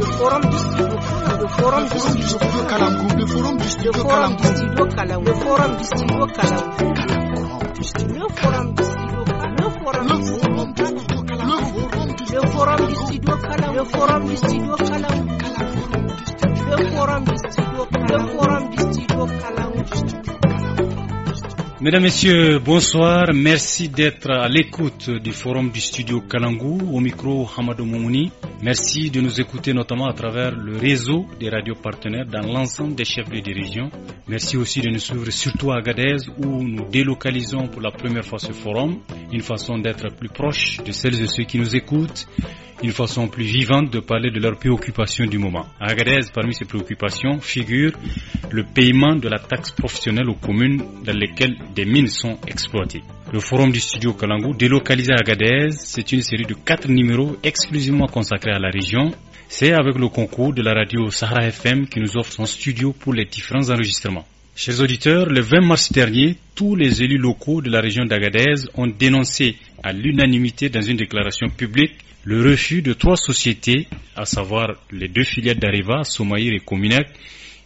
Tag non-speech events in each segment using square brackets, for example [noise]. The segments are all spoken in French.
le forum du studio le le forum du studio le forum du studio le forum du studio le forum du studio le forum du studio Mesdames, Messieurs, bonsoir. Merci d'être à l'écoute du forum du studio Kalangou. Au micro, Hamadou Moumouni. Merci de nous écouter notamment à travers le réseau des radios partenaires dans l'ensemble des chefs de région. Merci aussi de nous suivre surtout à Agadez où nous délocalisons pour la première fois ce forum, une façon d'être plus proche de celles et ceux qui nous écoutent, une façon plus vivante de parler de leurs préoccupations du moment. À Agadez, parmi ces préoccupations figure le paiement de la taxe professionnelle aux communes dans lesquelles des mines sont exploitées le forum du studio Kalangu, délocalisé à Agadez. C'est une série de quatre numéros exclusivement consacrés à la région. C'est avec le concours de la radio Sahara FM qui nous offre son studio pour les différents enregistrements. Chers auditeurs, le 20 mars dernier, tous les élus locaux de la région d'Agadez ont dénoncé à l'unanimité dans une déclaration publique le refus de trois sociétés, à savoir les deux filiales d'Ariva, Somaïr et Cominac,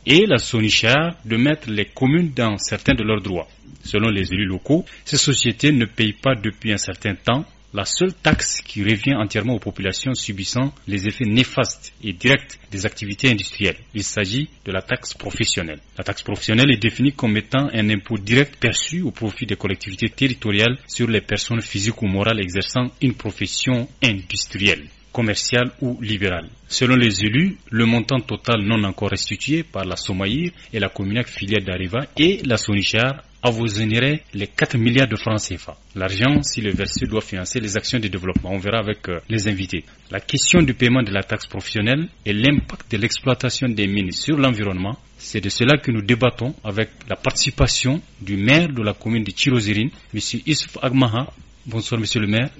et la Sonichar, de mettre les communes dans certains de leurs droits. Selon les élus locaux, ces sociétés ne payent pas depuis un certain temps la seule taxe qui revient entièrement aux populations subissant les effets néfastes et directs des activités industrielles. Il s'agit de la taxe professionnelle. La taxe professionnelle est définie comme étant un impôt direct perçu au profit des collectivités territoriales sur les personnes physiques ou morales exerçant une profession industrielle commercial ou libéral. Selon les élus, le montant total non encore restitué par la Somaïr et la commune filiale d'Arriva et la Sonichar avoisinerait les 4 milliards de francs CFA. L'argent, si le versé doit financer les actions de développement, on verra avec euh, les invités. La question du paiement de la taxe professionnelle et l'impact de l'exploitation des mines sur l'environnement, c'est de cela que nous débattons avec la participation du maire de la commune de Chirozirine, M. Issouf Agmaha, Bonsoir, monsieur le maire.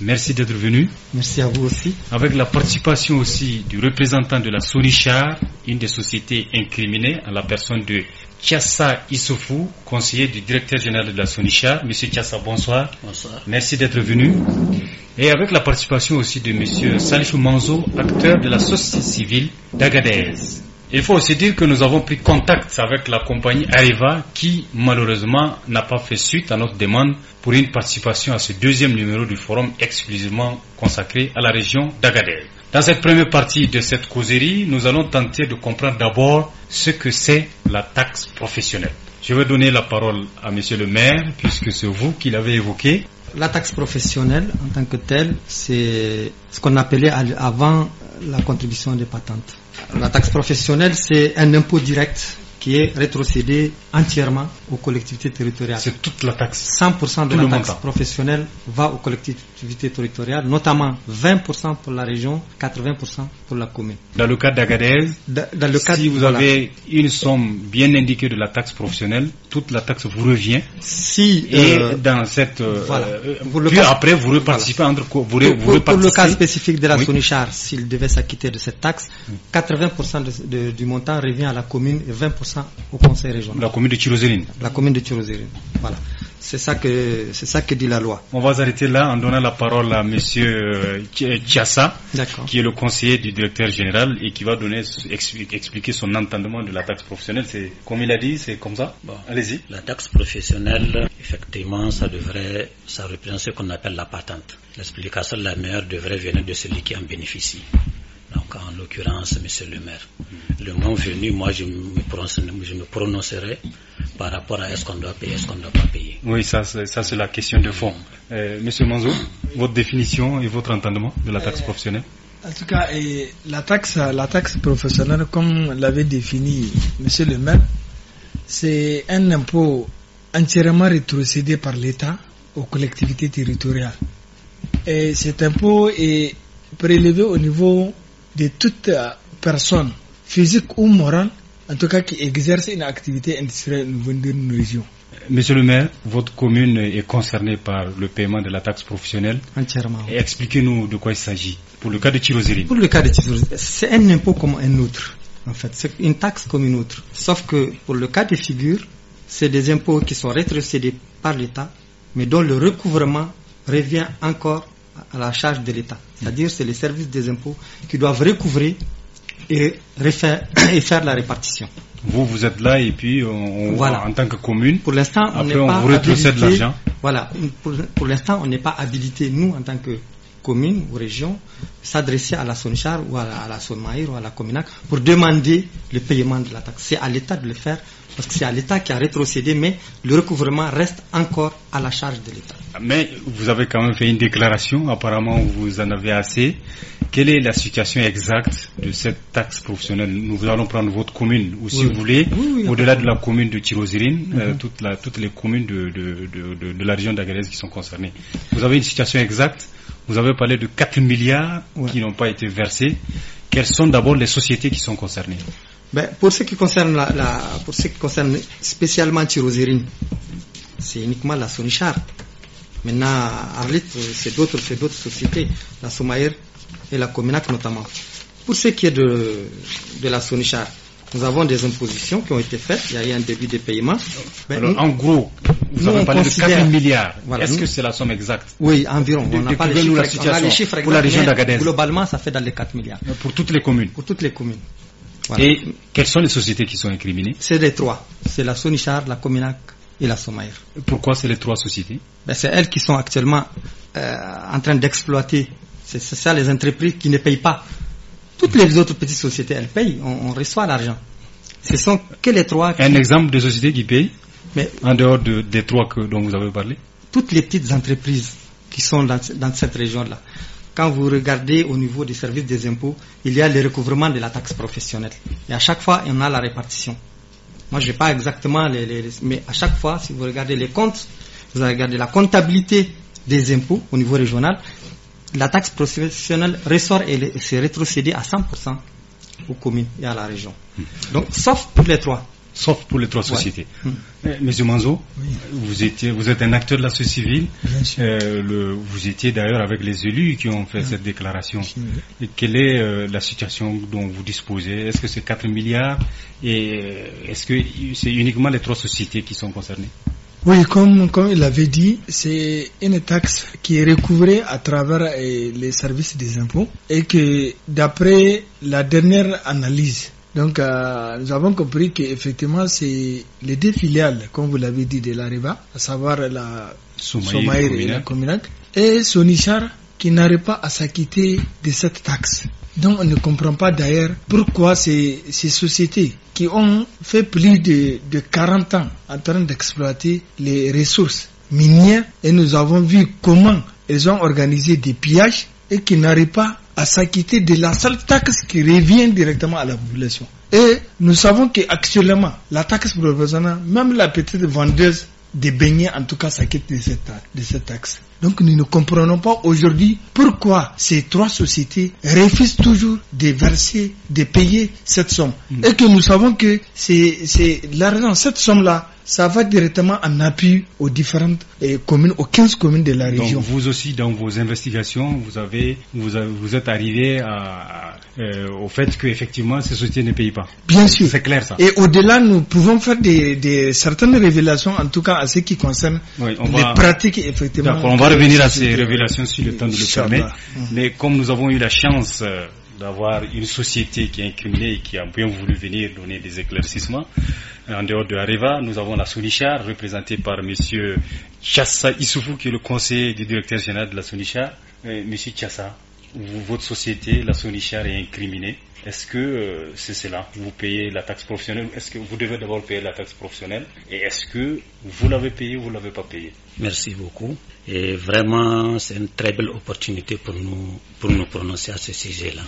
Merci d'être venu. Merci à vous aussi. Avec la participation aussi du représentant de la Sonichar, une des sociétés incriminées, à la personne de Tiassa Issoufou, conseiller du directeur général de la Sonichar. Monsieur Tiassa, bonsoir. Bonsoir. Merci d'être venu. Et avec la participation aussi de monsieur Salifou Manzo, acteur de la société civile d'Agadez. Il faut aussi dire que nous avons pris contact avec la compagnie Areva qui malheureusement n'a pas fait suite à notre demande pour une participation à ce deuxième numéro du forum exclusivement consacré à la région d'Agadez. Dans cette première partie de cette causerie, nous allons tenter de comprendre d'abord ce que c'est la taxe professionnelle. Je vais donner la parole à Monsieur le maire puisque c'est vous qui l'avez évoqué. La taxe professionnelle en tant que telle, c'est ce qu'on appelait avant la contribution des patentes. La taxe professionnelle, c'est un impôt direct qui est rétrocédé entièrement aux collectivités territoriales. C'est toute la taxe. 100% de la taxe professionnelle va aux collectivités territoriales, notamment 20% pour la région, 80% pour la commune. Dans le cas d'Agadez, si vous avez une somme bien indiquée de la taxe professionnelle, toute la taxe vous revient. Si et euh, dans cette euh, euh, puis après vous reparticipez entre vous, pour, le cas spécifique de la oui. s'il devait s'acquitter de cette taxe, 80% du montant revient à la commune et 20% au conseil régional. La commune de Tirozérine. La commune de Tirozérine. Voilà. C'est ça que c'est ça que dit la loi. On va s'arrêter là en donnant la parole à Monsieur euh, Tchassa, euh, qui est le conseiller du directeur général et qui va donner expliquer son entendement de la taxe professionnelle. C'est comme il a dit, c'est comme ça. allez-y. La taxe professionnelle, effectivement, ça devrait, ça représente ce qu'on appelle la patente. L'explication de la meilleure devrait venir de celui qui en bénéficie. Donc, en l'occurrence, monsieur le maire, le moment venu, moi, je me, prononcerai, par rapport à est-ce qu'on doit payer, est-ce qu'on ne doit pas payer. Oui, ça, c'est la question de fond. Euh, monsieur Manzo, votre définition et votre entendement de la taxe euh, professionnelle en tout cas, la, taxe, la taxe professionnelle, comme l'avait défini Monsieur le maire, c'est un impôt entièrement rétrocédé par l'État aux collectivités territoriales. Et cet impôt est prélevé au niveau de toute euh, personne physique ou morale, en tout cas qui exerce une activité industrielle au niveau d'une région. Monsieur le maire, votre commune est concernée par le paiement de la taxe professionnelle. Entièrement. Expliquez-nous de quoi il s'agit. Pour le cas de Tirozérine. Pour le cas de Tirozérine, c'est un impôt comme un autre. En fait, c'est une taxe comme une autre. Sauf que pour le cas de figure, c'est des impôts qui sont rétrocédés par l'État, mais dont le recouvrement revient encore à la charge de l'État. C'est-à-dire c'est les services des impôts qui doivent recouvrer et, [coughs] faire la répartition. Vous, vous êtes là et puis en tant que commune, pour l'instant, on, après, vous l'argent. Voilà, pour, l'instant, on n'est pas habilité, nous, en tant que commune ou région, s'adresser à la Sonchar ou à la, SONMAIR ou à la Cominac pour demander le paiement de la taxe. C'est à l'État de le faire parce que c'est à l'État qui a rétrocédé, mais le recouvrement reste encore à la charge de l'État. Mais vous avez quand même fait une déclaration, apparemment vous en avez assez. Quelle est la situation exacte de cette taxe professionnelle Nous allons prendre votre commune, ou si vous voulez, au-delà de la commune de Tirozirine, mhm. euh, toutes les communes de, la région d'Agadez qui sont concernées. Vous avez une situation exacte Vous avez parlé de 4 milliards qui n'ont pas été versés. Quelles sont d'abord les sociétés qui sont concernées ben, Pour ce qui concerne, spécialement Tirozirine, c'est uniquement la Sonichard Maintenant, Arlit, c'est d'autres, d'autres sociétés, la Somaïr et la Cominac notamment. Pour ce qui est de, de la Sonichar, nous avons des impositions qui ont été faites, il y a eu un début de paiement. en gros, vous nous, avez parlé de 4 milliards. Est-ce que c'est la somme exacte Oui, environ. on n'a pas les chiffres, pour la région d'Agadez. Globalement, ça fait dans les 4 milliards. Pour toutes les communes Pour toutes les communes. Et quelles sont les sociétés qui sont incriminées C'est les trois. C'est la Sonichar, la Cominac la Somaïr. Pourquoi c'est les trois sociétés ben, C'est elles qui sont actuellement euh, en train d'exploiter. C'est ça les entreprises qui ne payent pas. Toutes les autres petites sociétés, elles payent, on, reçoit l'argent. Ce sont que les trois. Un exemple de société qui paye Mais, En dehors des trois que, dont vous avez parlé Toutes les petites entreprises qui sont dans, cette région-là. Quand vous regardez au niveau des services des impôts, il y a le recouvrement de la taxe professionnelle. Et à chaque fois, on a la répartition. Moi, je n'ai pas exactement les, Mais à chaque fois, si vous regardez les comptes, vous regardez la comptabilité des impôts au niveau régional. La taxe professionnelle ressort et s'est rétrocédée à 100% aux communes et à la région. Hmm. Donc, sauf pour les trois sauf pour les trois sociétés. Monsieur hmm. Manzo, vous, étiez, vous êtes un acteur de la société civile. Euh, vous étiez d'ailleurs avec les élus qui ont fait hmm. cette déclaration. quelle est euh, la situation dont vous disposez Est-ce que c'est 4 milliards Et euh, est-ce que c'est uniquement les trois sociétés qui sont concernées oui, comme, comme il avait dit, c'est une taxe qui est recouvrée à travers les services des impôts et que d'après la dernière analyse donc, euh, nous avons compris qu'effectivement, c'est les deux filiales, comme vous l'avez dit, de l'Areva, à savoir la Somaïre et la Cominac, et Sonichar, qui n'arrivent pas à s'acquitter de cette taxe. Donc, on ne comprend pas d'ailleurs pourquoi ces, ces sociétés qui ont fait plus de, de 40 ans en train d'exploiter les ressources minières, et nous avons vu comment elles ont organisé des pillages et qui n'arrivent pas à s'acquitter de la seule taxe qui revient directement à la population. Et nous savons qu'actuellement, la taxe proportionnelle, même la petite vendeuse de beignets, en tout cas, s'acquitte de cette, de cette taxe. Donc nous ne comprenons pas aujourd'hui pourquoi ces trois sociétés refusent toujours de verser, de payer cette somme. Mm. Et que nous savons que c'est l'argent, cette somme-là, ça va directement en appui aux différentes euh, communes, aux 15 communes de la région. Donc vous aussi, dans vos investigations, vous avez, vous, êtes arrivé à, euh, au fait qu'effectivement, ces sociétés ne payent pas. Bien sûr. C'est clair ça. Et au-delà, nous pouvons faire des, des, certaines révélations, en tout cas à ce qui concerne les pratiques, effectivement. on va revenir à ces révélations si le temps nous le permet. Mais comme nous avons eu la chance... Euh, d'avoir une société qui est incriminée et qui a bien voulu venir donner des éclaircissements. Euh, en dehors de Areva, nous avons la Sonichar, représentée par M. Chassa Issoufou, qui est le conseiller du directeur général de la Sonichar. M. Chassa, votre société, la Sonichar, est incriminée. Est-ce que euh, c'est cela Vous payez la taxe professionnelle Est-ce que vous devez d'abord payer la taxe professionnelle Et est-ce que vous l'avez payé ou vous ne l'avez pas payé Merci beaucoup. Et vraiment, c'est une très belle opportunité pour nous, pour nous prononcer à ce sujet-là.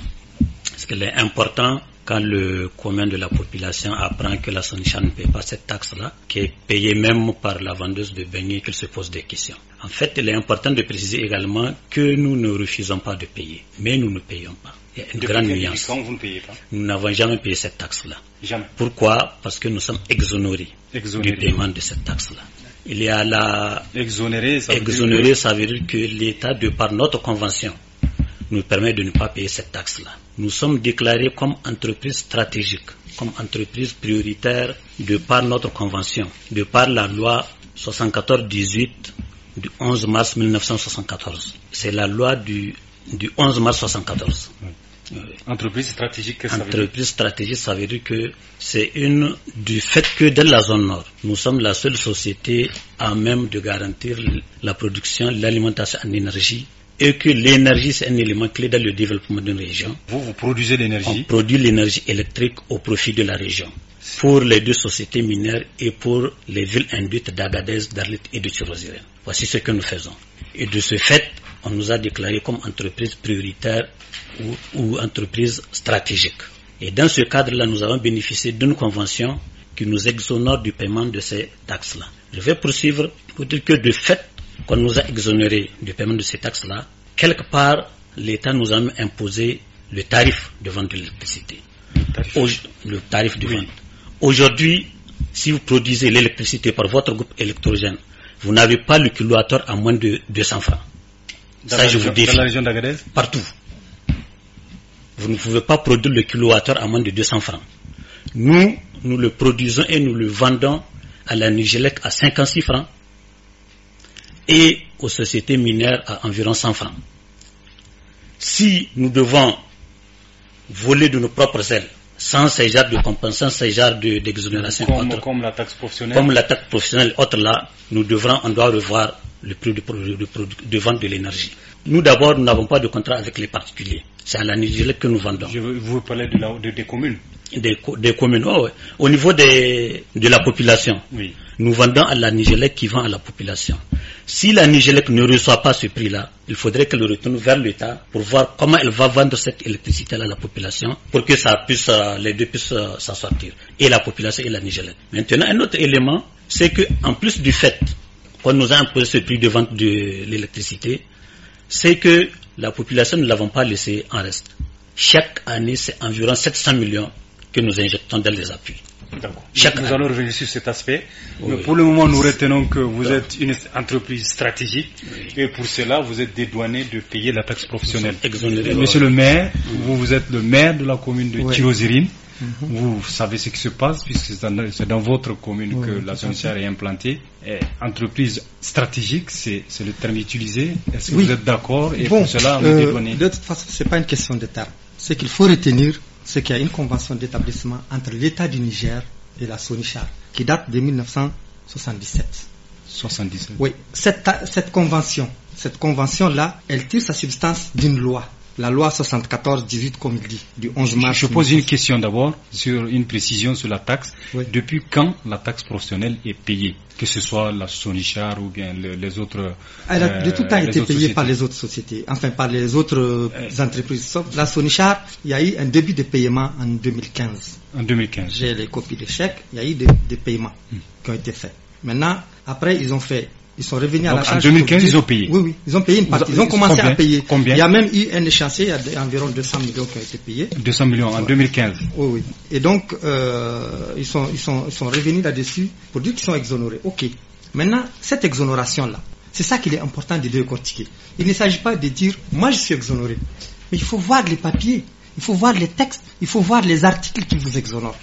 Parce qu'il est important quand le commun de la population apprend que la Sonicha ne paie pas cette taxe-là, qui est payée même par la vendeuse de beignets, qu'elle se pose des questions. En fait, il est important de préciser également que nous ne refusons pas de payer, mais nous ne payons pas. Il y a une grande nuance. nous n'avons jamais payé cette taxe-là. Jamais. Pourquoi Parce que nous sommes exonérés, du paiement de cette taxe-là. Il y a la... Exonéré, veut ça veut dire que l'État, de par notre convention, nous permet de ne pas payer cette taxe-là. Nous sommes déclarés comme entreprise stratégique, comme entreprise prioritaire de par notre convention, de par la loi 74-18 du 11 mars 1974. C'est la loi du, du 11 mars 1974. entreprise stratégique, ça veut dire stratégique, ça veut dire que c'est une du fait que dans la zone nord, nous sommes la seule société à même de garantir la production, l'alimentation en énergie et que l'énergie, c'est un élément clé dans le développement d'une région. Vous, vous produisez l'énergie On produit l'énergie électrique au profit de la région. Pour les deux sociétés minières et pour les villes induites d'Agadez, d'Arlit et de Tirozirène. Voici ce que nous faisons. Et de ce fait, on nous a déclaré comme entreprise prioritaire ou, entreprise stratégique. Et dans ce cadre-là, nous avons bénéficié d'une convention qui nous exonore du paiement de ces taxes-là. Je vais poursuivre pour dire que de fait, qu'on nous a exonérés du paiement de ces taxes-là, quelque part, l'État nous a imposé le tarif de vente de l'électricité. Le, tarif de vente. Aujourd'hui, si vous produisez l'électricité par votre groupe électrogène, vous n'avez pas le kilowattheure à moins de 200 francs. Ça, je vous dis, Partout. Vous ne pouvez pas produire le kilowattheure à moins de 200 francs. Nous, nous le produisons et nous le vendons à la Nigélec à 56 francs et aux sociétés minières à environ 100 francs. Si nous devons voler de nos propres ailes, sans ces de compensation, ces d'exonération. comme, la taxe professionnelle. la taxe professionnelle, autre là, nous devrons, on doit revoir le prix de, vente de l'énergie. Nous d'abord, nous n'avons pas de contrat avec les particuliers. C'est à la Nigeria que nous vendons. Je vous parlez de des communes des, des communes, au niveau de la population. Nous vendons à la Nigélec qui vend à la population. Si la Nigélec ne reçoit pas ce prix-là, il faudrait qu'elle retourne vers l'État pour voir comment elle va vendre cette électricité-là à la population pour que ça puisse, euh, les deux puissent euh, s'en sortir. Et la population et la Nigélec. Maintenant, un autre élément, c'est que plus du fait qu'on nous a imposé ce prix de vente de l'électricité, c'est que la population ne l'avons pas laissé en reste. Chaque année, c'est environ 700 millions que nous injectons d'elle les appuis. Chaque nous allons revenir sur cet aspect. Mais pour le moment, nous retenons que vous êtes une entreprise stratégique et pour cela, vous êtes dédouané de payer la taxe professionnelle. Monsieur le maire, vous, vous êtes le maire de la commune de Tirozirine. Mhm. Vous savez ce qui se passe puisque c'est dans, votre commune que la a est implantée. Et entreprise stratégique, c'est le terme utilisé. Est-ce que vous êtes d'accord et pour cela vous euh, De toute façon, ce n'est pas une question de terme. Ce qu'il faut retenir, c'est qu'il y a une convention d'établissement entre l'État du Niger et la Sonichar qui date de 1977. 77. Oui, cette, cette convention, cette convention-là, elle tire sa substance d'une loi la loi 74-18, comme il dit, du 11 mars. Je pose une question d'abord sur une précision sur la taxe. Depuis quand la taxe professionnelle est payée Que ce soit la Sonichar ou bien les autres. Elle ah, euh, a de tout temps été payée par les autres sociétés, enfin par les autres euh, euh, entreprises. la Sonichar, il y a eu un début de paiement en 2015. En 2015. J'ai les copies des chèques, il y a eu des, paiements hmm. qui ont été faits. Maintenant, après, ils ont fait ils sont revenus à la charge. En 2015, ils ont payé. Oui, oui, ils ont payé une partie. Ils ont commencé à payer. Il y a même eu un échéancier, il y a environ 200 millions qui ont été payés. 200 millions en 2015. Oui, oui. Et donc, euh, ils, sont, ils, sont, sont revenus là-dessus pour dire qu'ils sont exonérés. OK. Maintenant, cette exonération-là, c'est ça qu'il est important de décortiquer. Il ne s'agit pas de dire, moi je suis exonéré. Mais il faut voir les papiers, il faut voir les textes, il faut voir les articles qui vous exonèrent.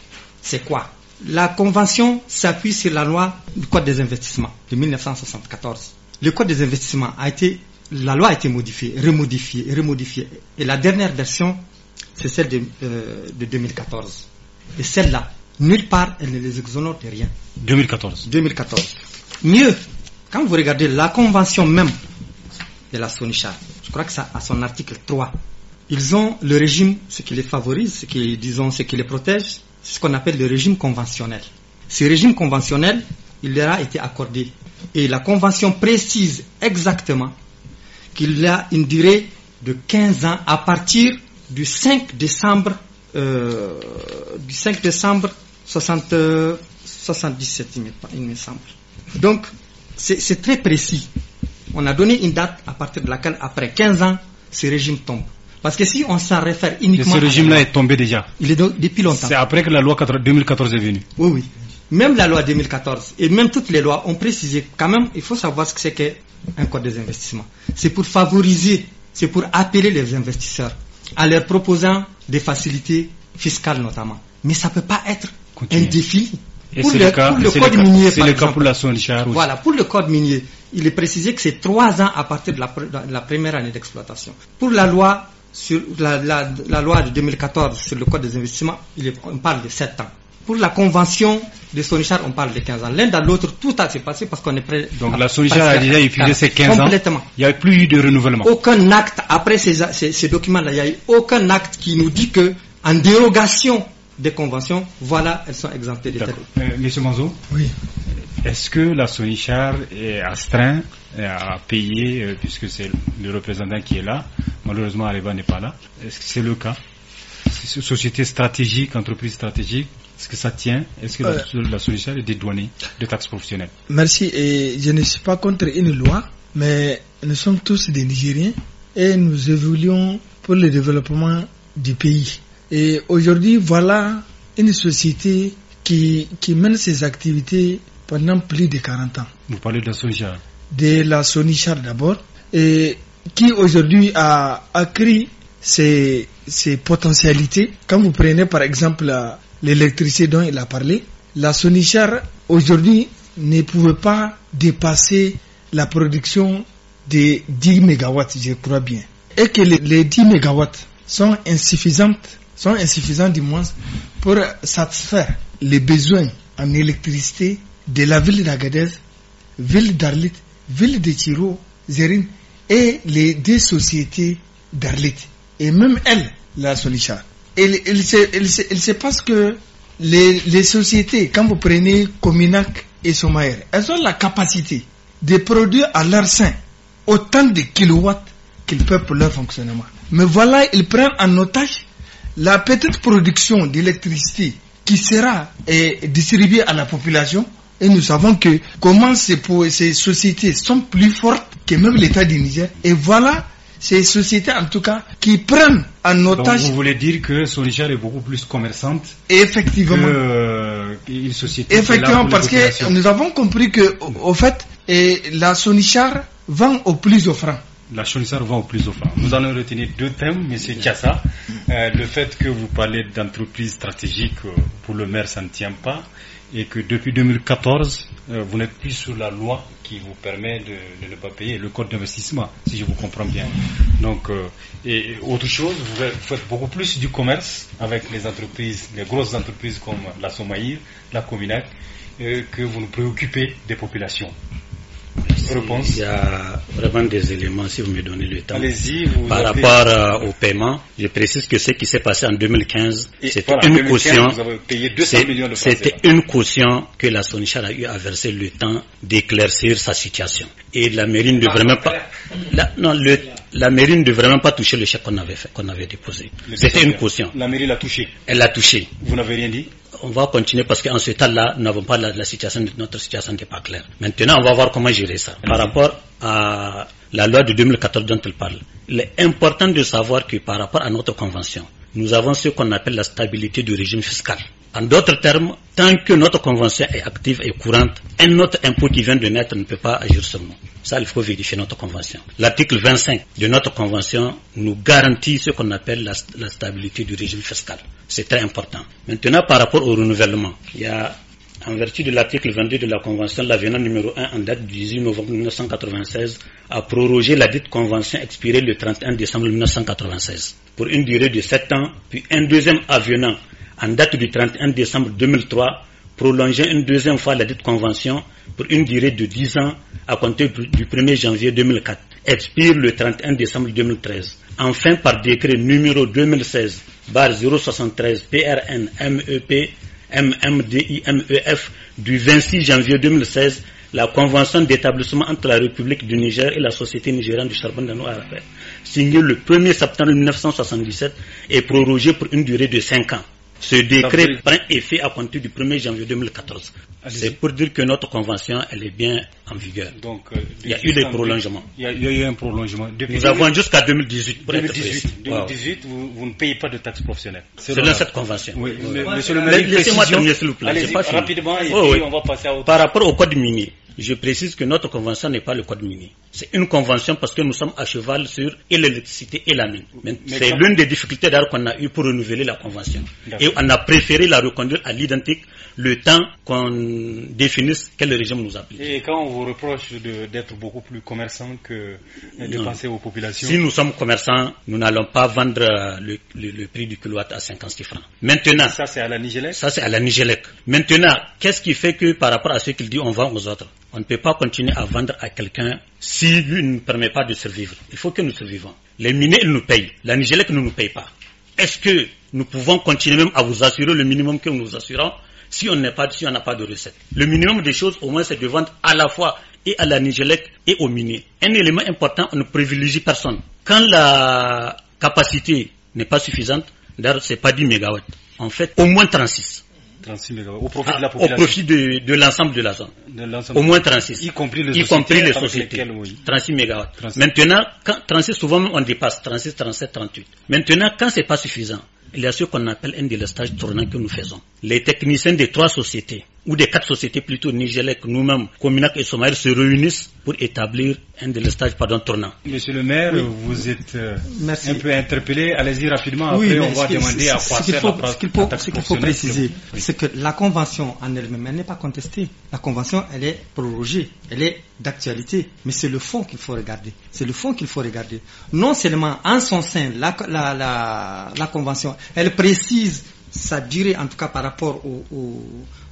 C'est quoi la convention s'appuie sur la loi du Code des investissements de 1974. Le Code des investissements a été, la loi a été modifiée, remodifiée, remodifiée. Et la dernière version, c'est celle de, 2014. Euh, et celle-là, nulle part, elle ne les exonore de rien. 2014. 2014. Mieux, quand vous regardez la convention même de la SONICHA, je crois que ça à son article 3, ils ont le régime, ce qui les favorise, ce qui, disons, ce qui les protège, c'est ce qu'on appelle le régime conventionnel. Ce régime conventionnel, il leur a été accordé. Et la convention précise exactement qu'il a une durée de 15 ans à partir du 5 décembre, euh, du 5 décembre 77, il me semble. Donc, c'est très précis. On a donné une date à partir de laquelle, après 15 ans, ce régime tombe. Parce que si on s'en réfère uniquement. à... ce régime-là est tombé déjà. Il est depuis longtemps. C'est après que la loi 2014 est venue. Oui, oui. Même la loi 2014 et même toutes les lois ont précisé quand même, il faut savoir ce que c'est qu'un code des investissements. C'est pour favoriser, c'est pour appeler les investisseurs en leur proposant des facilités fiscales notamment. Mais ça ne peut pas être un défi. pour, le, code minier, Voilà, pour le code minier, il est précisé que c'est trois ans à partir de la, de la première année d'exploitation. Pour la loi sur la, loi de 2014 sur le code des investissements, on parle de 7 ans. Pour la convention de Sonichard, on parle de 15 ans. L'un dans l'autre, tout a s'est passé parce qu'on est prêt. Donc la Sonichard a déjà épuisé ses 15 complètement. ans. Il n'y a plus eu de renouvellement. Aucun acte, après ces, documents-là, il n'y a eu aucun acte qui nous dit que, en dérogation des conventions, voilà, elles sont exemptées des euh, Monsieur Manzo Oui. Est-ce que la SONICHAR est astreint euh, à payer, euh, puisque c'est le représentant qui est là Malheureusement, Areva n'est pas là. Est-ce que c'est le cas Société stratégique, entreprise stratégique, est-ce que ça tient Est-ce que la, euh, SONICHAR est dédouanée de taxes professionnelles Merci. Et je ne suis pas contre une loi, mais nous sommes tous des Nigériens et nous évoluons pour le développement du pays. Et aujourd'hui, voilà une société qui, qui mène ses activités pendant plus de 40 ans. Vous parlez de la Sonichar De la Sonichar d'abord, et qui aujourd'hui a accru ses, potentialités. Quand vous prenez par exemple l'électricité dont il a parlé, la Sonichar aujourd'hui ne pouvait pas dépasser la production de 10 MW, je crois bien. Et que les, 10 MW sont insuffisantes, sont insuffisants du moins pour satisfaire les besoins en électricité de la ville d'Agadez, ville d'Arlit, ville de Tiro, et les deux sociétés d'Arlit. Et même elle, la Solicha. Il, il, se, passe que les, sociétés, quand vous prenez Cominac et Somaer elles ont la capacité de produire à leur sein autant de kilowatts qu'ils peuvent pour leur fonctionnement. Mais voilà, ils prennent en otage la petite production d'électricité qui sera eh, distribuée à la population et nous savons que comment ces, ces sociétés sont plus fortes que même l'État du Et voilà ces sociétés en tout cas qui prennent en otage. Donc vous voulez dire que Sonichar est beaucoup plus commerçante Effectivement. Euh, une Effectivement, parce que nous avons compris que, au, fait, la Sonichar vend au plus offrant. La Sonichar vend au plus offrant. Nous allons retenir deux thèmes, Monsieur Tiassa. Euh, le fait que vous parlez d'entreprise stratégique euh, pour le maire, ça ne tient pas et que depuis 2014, euh, vous n'êtes plus sur la loi qui vous permet de, ne pas payer le code d'investissement, si je vous comprends bien. Donc, euh, et autre chose, vous faites beaucoup plus du commerce avec les entreprises, les grosses entreprises comme la Somaïr, la Cominac, euh, que vous nous préoccupez des populations. Il y a vraiment des éléments, si vous me donnez le temps. Par rapport euh, au paiement, je précise que ce qui s'est passé en 2015, c'était une caution. C'était une caution que la Sonichar a eu à verser le temps d'éclaircir sa situation et la mairie ne devrait même pas. La, mairie ne devrait pas toucher le chèque qu'on avait qu'on avait déposé. C'était une caution. La mairie l'a touché. Elle l'a touché. Vous n'avez rien dit On va continuer parce qu'en ce temps-là, nous n'avons pas la, situation, notre situation n'est pas claire. Maintenant, on va voir comment gérer ça. Par rapport à la loi de 2014 dont elle parle, il est important de savoir que par rapport à notre convention, nous avons ce qu'on appelle la stabilité du régime fiscal. En d'autres termes, tant que notre convention est active et courante, un autre impôt qui vient de naître ne peut pas agir sur nous. Ça, il faut vérifier notre convention. L'article 25 de notre convention nous garantit ce qu'on appelle la, stabilité du régime fiscal. C'est très important. Maintenant, par rapport au renouvellement, il y a, en vertu de l'article 22 de la convention, l'avenant numéro 1 en date du 18 novembre 1996 a prorogé la dite convention expirée le 31 décembre 1996 pour une durée de 7 ans, puis un deuxième avenant en date du 31 décembre 2003 prolonger une deuxième fois la dite convention pour une durée de 10 ans à compter du 1er janvier 2004. Expire le 31 décembre 2013. Enfin, par décret numéro 2016, barre 073 PRN MEP MMDIMEF du 26 janvier 2016, la convention d'établissement entre la République du Niger et la Société nigérienne du charbon de signée le 1er septembre 1977 est prorogée pour une durée de 5 ans. Ce décret prend effet à compter du 1er janvier 2014. C'est pour dire que notre convention, elle est bien en vigueur. Donc, euh, il y a eu des prolongements. Il y a, eu un prolongement. Nous avons jusqu'à 2018. 2018, 2018 vous, ne payez pas de taxes professionnelles. C'est dans cette convention. Oui. Monsieur le maire, laissez-moi terminer s'il vous plaît. rapidement, et puis on va passer à autre. Par rapport au code minier, je précise que notre convention n'est pas le code minier. C'est une convention parce que nous sommes à cheval sur l'électricité et la mine. C'est l'une des difficultés d'ailleurs qu'on a eu pour renouveler la convention. Et on a préféré la reconduire à l'identique le temps qu'on définisse quel régime nous applique. Et quand on vous reproche d'être beaucoup plus commerçant que de penser aux populations Si nous sommes commerçants, nous n'allons pas vendre le, prix du kilowatt à 50 francs. Maintenant. Ça c'est à la Nigélec Ça c'est à la Nigélec. Maintenant, qu'est-ce qui fait que par rapport à ce qu'il dit, on vend aux autres on ne peut pas continuer à vendre à quelqu'un si lui ne nous permet pas de survivre, il faut que nous survivons. Les minés, ils nous payent. La Nigélec ne nous paye pas. Est-ce que nous pouvons continuer même à vous assurer le minimum que nous nous assurons si on n'a pas, pas de recettes? Le minimum des choses, au moins, c'est de vendre à la fois et à la Nigélec et aux miniers. Un élément important, on ne privilégie personne. Quand la capacité n'est pas suffisante, d'ailleurs, n'est pas 10 MW. En fait, au moins 36. 36 mégawatts, Au profit ah, de la population. Au profit de, l'ensemble de la zone. au moins 36. Y compris les y sociétés. Compris les sociétés. 36 mégawatts. Maintenant, quand, 36, souvent on dépasse 36, 37, 38. Maintenant, quand c'est pas suffisant, il y a ce qu'on appelle un délestage tournant que nous faisons. Les techniciens des trois sociétés ou des quatre sociétés plutôt que nous-mêmes, Cominac et Somaïr, se réunissent pour établir un de stages pardon tournant. Monsieur le maire, vous êtes euh, un peu interpellé. Allez-y rapidement, après on va demander à quoi sert Ce qu'il faut, préciser, c'est que la convention en elle-même, n'est pas contestée. La convention, elle est prorogée, elle est d'actualité, mais c'est le fond qu'il faut regarder. C'est le fond qu'il faut regarder. Non seulement en son sein, la, convention, elle précise sa durée, en tout cas par rapport au, au,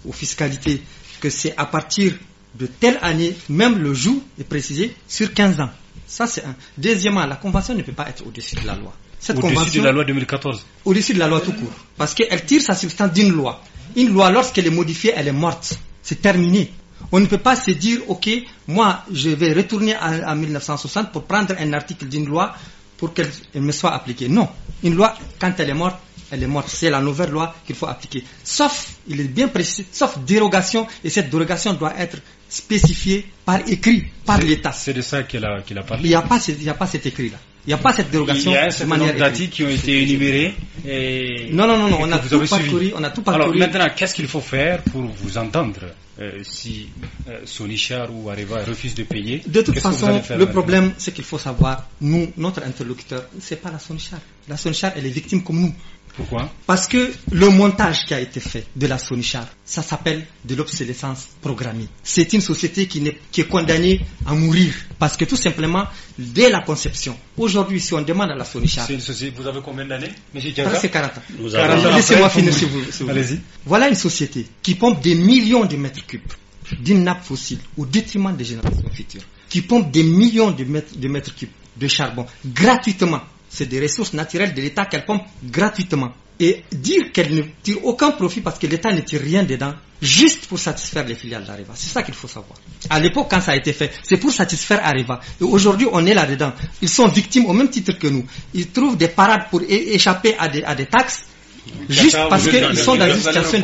aux fiscalités que c'est à partir de telle année, même le jour est précisé, sur 15 ans. Ça, c'est un. Deuxièmement, la convention ne peut pas être au-dessus de la loi. Cette au-dessus de la loi 2014 Au-dessus de la loi tout court. Parce qu'elle tire sa substance d'une loi. Une loi, lorsqu'elle est modifiée, elle est morte. C'est terminé. On ne peut pas se dire, OK, moi, je vais retourner à 1960 pour prendre un article d'une loi pour qu'elle me soit appliquée. Non. Une loi, quand elle est morte, elle est morte. C'est la nouvelle loi qu'il faut appliquer. Sauf, il est bien précis, sauf dérogation, et cette dérogation doit être spécifiée par écrit, par l'État. C'est de ça qu'il a, qu'il a, parlé. Il n'y a, pas cet écrit-là. Il n'y a pas cette dérogation. Il y a un certain qui ont été énumérés. non, non, non, non on, a tout parcouru, Alors maintenant, qu'est-ce qu'il faut faire pour vous entendre euh, si euh, Sonichar ou Areva refuse de payer De toute façon, le problème, c'est qu'il faut savoir, nous, notre interlocuteur, c'est pas la Sonichar. La Sonichar, elle est victime comme nous. Pourquoi Parce que le montage qui a été fait de la Char, ça s'appelle de l'obsolescence programmée. C'est une société qui est, condamnée à mourir. Parce que tout simplement, dès la conception, aujourd'hui, si on demande à la société... Vous avez combien d'années C'est 40 ans. ans Laissez-moi finir si vous, Allez-y. Voilà une société qui pompe des millions de mètres cubes d'une nappe fossile au détriment des générations futures, qui pompe des millions de mètres, de mètres cubes de charbon gratuitement c'est des ressources naturelles de l'État qu'elle pompe gratuitement. Et dire qu'elle ne tire aucun profit parce que l'État ne tire rien dedans, juste pour satisfaire les filiales d'Areva. C'est ça qu'il faut savoir. À l'époque, quand ça a été fait, c'est pour satisfaire Areva. Et aujourd'hui, on est là-dedans. Ils sont victimes au même titre que nous. Ils trouvent des parades pour échapper à des taxes Juste parce qu'ils sont dans une situation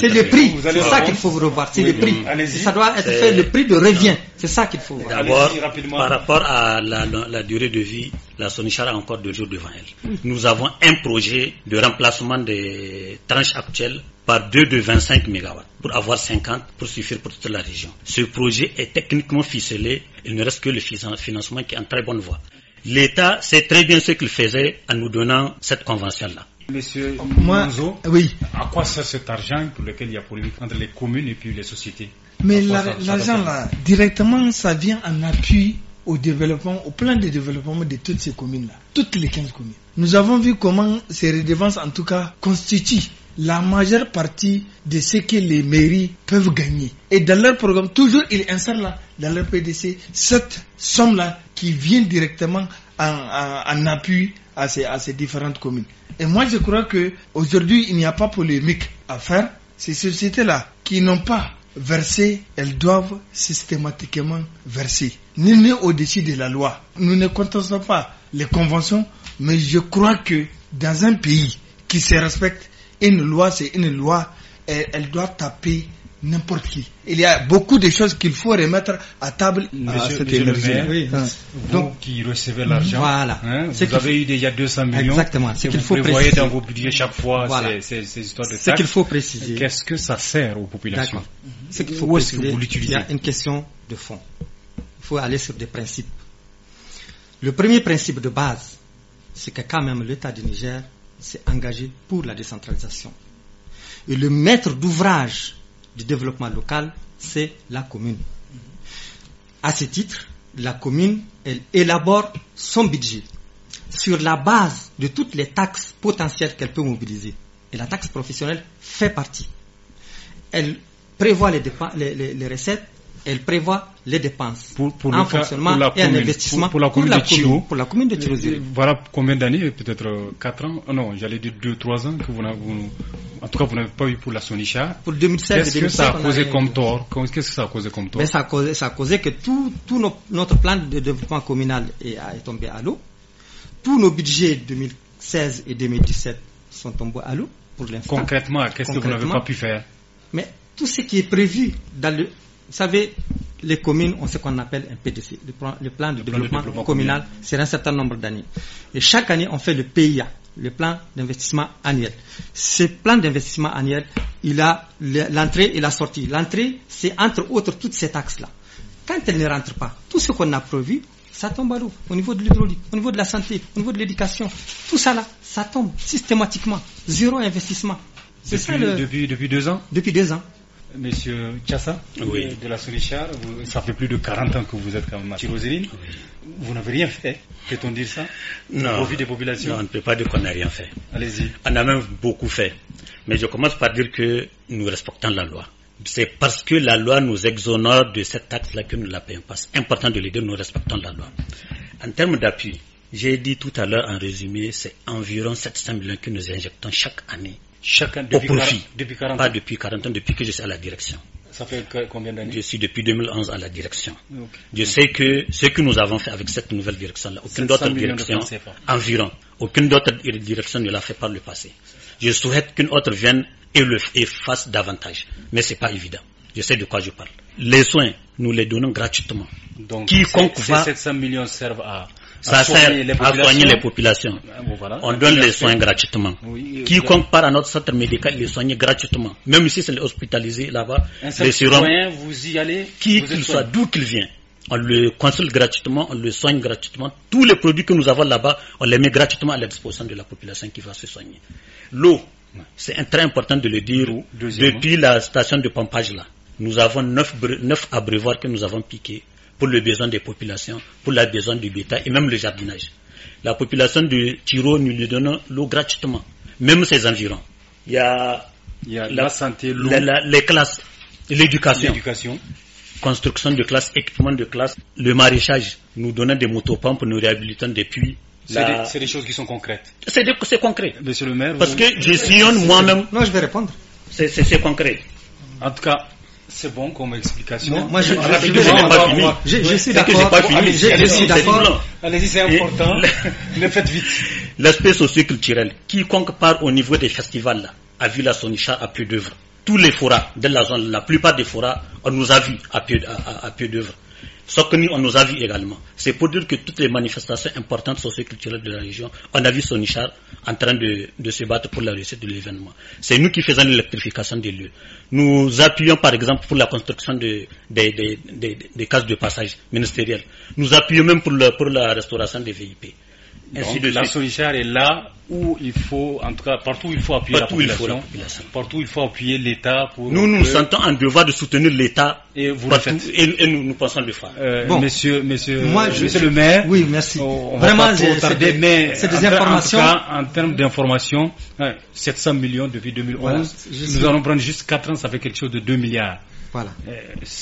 C'est le prix, c'est ça qu'il faut revoir, c'est le prix. Ça doit être fait, le prix de revient, c'est ça qu'il faut revoir D'abord, par rapport à la, durée de vie, la Sonichara a encore deux jours devant elle. Nous avons un projet de remplacement des tranches actuelles par deux de 25 MW pour avoir 50 pour suffire pour toute la région. Ce projet est techniquement ficelé, il ne reste que le financement qui est en très bonne voie. L'État sait très bien ce qu'il faisait en nous donnant cette convention-là. Monsieur Moi, oui. à quoi sert cet argent pour lequel il y a polémique entre les communes et puis les sociétés Mais l'argent, là, directement, ça vient en appui au développement, au plan de développement de toutes ces communes-là, toutes les 15 communes. Nous avons vu comment ces redevances, en tout cas, constituent la majeure partie de ce que les mairies peuvent gagner. Et dans leur programme, toujours, ils insèrent là, dans leur PDC, cette somme-là qui vient directement en, appui à ces, à ces différentes communes. Et moi, je crois que aujourd'hui, il n'y a pas polémique à faire. Ces sociétés-là qui n'ont pas versé, elles doivent systématiquement verser. ni au-dessus de la loi. Nous ne contestons pas les conventions, mais je crois que dans un pays qui se respecte, une loi, c'est une loi, et elle doit taper n'importe qui. Il y a beaucoup de choses qu'il faut remettre à table à cette énergie. Donc, qui recevez l'argent, voilà. Hein, vous avez eu déjà 200 millions. Exactement. Ce qu'il faut préciser. dans vos budgets chaque fois voilà. ces, histoires de taxes. qu'il faut préciser. Qu'est-ce que ça sert aux populations mhm. Où est-ce que vous l'utilisez Il y a une question de fond. Il faut aller sur des principes. Le premier principe de base, c'est que quand même l'État du Niger s'est engagé pour la décentralisation. Et le maître d'ouvrage du développement local, c'est la commune. À ce titre, la commune, elle élabore son budget sur la base de toutes les taxes potentielles qu'elle peut mobiliser. Et la taxe professionnelle fait partie. Elle prévoit les, les, les recettes elle prévoit les dépenses pour, pour en fonctionnement pour et en investissement pour, la commune de Tirozé. Euh, voilà combien d'années Peut-être 4 euh, ans ah Non, j'allais dire 2-3 ans que vous n'avez en tout cas, vous n'avez pas eu pour la Sonicha. Pour 2016 Qu'est-ce que ça a causé comme tort Qu'est-ce que ça a causé comme tort ça, a causé, ça a causé que tout, notre plan de développement communal est, est tombé à l'eau. Tous nos budgets 2016 et 2017 sont tombés à l'eau pour l'instant. Concrètement, qu'est-ce que vous n'avez pas pu faire Mais tout ce qui est prévu dans le vous savez, les communes ont ce qu'on appelle un PDC, le plan, de, développement communal, c'est un certain nombre d'années. Et chaque année, on fait le PIA, le plan d'investissement annuel. Ce plan d'investissement annuel, il a l'entrée et la sortie. L'entrée, c'est entre autres toutes ces taxes-là. Quand elles ne rentrent pas, tout ce qu'on a prévu, ça tombe à l'eau. Au niveau de l'hydraulique, au niveau de la santé, au niveau de l'éducation, tout ça là, ça tombe systématiquement. Zéro investissement. C'est ça depuis, depuis deux ans Depuis deux ans. Monsieur Tchassa, de la Sourichard, ça fait plus de 40 ans que vous êtes quand même à Vous n'avez rien fait, peut-on dire ça Non. Au vu des populations Non, on ne peut pas dire qu'on n'a rien fait. Allez-y. On a même beaucoup fait. Mais je commence par dire que nous respectons la loi. C'est parce que la loi nous exonère de cette taxe-là que nous la payons pas. C'est important de le dire, nous respectons la loi. En termes d'appui, j'ai dit tout à l'heure en résumé, c'est environ 700 millions que nous injectons chaque année Chacun depuis profit. 40, depuis 40 ans. Pas depuis 40 ans, depuis que je suis à la direction. Ça fait combien d'années Je suis depuis 2011 à la direction. Je sais que ce que nous avons fait avec cette nouvelle direction-là, aucune autre direction, environ, aucune autre direction ne l'a fait par le passé. Je souhaite qu'une autre vienne et, le, fasse davantage. Mais ce n'est pas évident. Je sais de quoi je parle. Les soins, nous les donnons gratuitement. Donc, Quiconque ces, 700 millions servent à ça sert à soigner les populations. Ah, on donne les soins gratuitement. Quiconque part à notre centre médical, il est soigné gratuitement. Même si c'est hospitalisé là-bas, les vous y allez, qui qu'il soit, d'où qu'il vient, on le consulte gratuitement, on le soigne gratuitement. Tous les produits que nous avons là-bas, on les met gratuitement à la disposition de la population qui va se soigner. L'eau, c'est très important de le dire. Depuis la station de pompage là, nous avons neuf, neuf abreuvoirs que nous avons piqués pour le besoin des populations, pour la besoin du bétail et même le jardinage. La population de Tiro, nous lui donnons l'eau gratuitement, même ses environs. Il y a, la, santé, l'eau, les classes, l'éducation. Construction de classes, équipement de classes, le maraîchage, nous donnons des motopompes, nous réhabilitons des puits, c'est des, choses qui sont concrètes. C'est concret. Monsieur le maire. Parce que je sillonne moi-même. Non, je vais répondre. C'est concret. En tout cas, c'est bon comme explication. Ah, moi, je, je, pas fini. suis d'accord. d'accord. Allez-y, c'est important. Le faites vite. L'aspect socioculturel. Quiconque part au niveau des festivals a vu la Sonicha à pied d'œuvre. Tous les forats de la zone, la plupart des forats, on nous a vus à pied, à pied d'œuvre. Ce nous, on nous a vu également. C'est pour dire que toutes les manifestations importantes socio-culturelles de la région, on a vu Sonichar en train de, se battre pour la réussite de l'événement. C'est nous qui faisons l'électrification des lieux. Nous appuyons, par exemple, pour la construction des cases de passage ministérielles. Nous appuyons même pour la restauration des VIP. Donc, la solitaire est là où il faut, en tout cas, partout où il faut appuyer la, population, partout où il faut appuyer l'État. Nous, nous nous sentons en devoir de soutenir l'État. Et vous nous, pensons le faire. Euh, monsieur, monsieur, Moi, je, le maire. Oui, merci. Vraiment, c'est des, mais informations. En, termes d'informations, 700 millions depuis 2011. nous allons prendre juste 4 ans, ça fait quelque chose de 2 milliards. Voilà. Euh,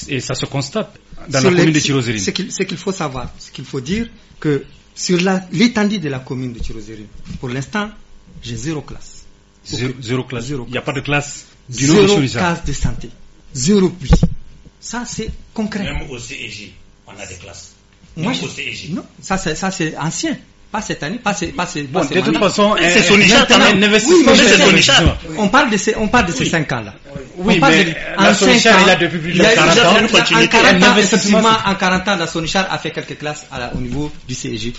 et ça se constate dans la commune de Tirozérine. C'est qu'il faut savoir, ce qu'il faut dire, que sur l'étendue de la commune de Tirozérine. Pour l'instant, j'ai zéro classe. Zéro, classe. Zéro Il n'y a pas de classe du Zéro de classe de santé. Zéro puits. Ça, c'est concret. Même au CEJ, on a des classes. Moi, Même au CEJ. Non, ça, c'est ancien pas cette année, pas, ces, pas, bon, de toute façon, c'est son On parle de ces, on parle de ces 5 ans-là. Oui, mais la Sonichar, il a depuis plus de 40 ans. En 40 ans, la Sonichar a fait quelques classes au niveau du CEG.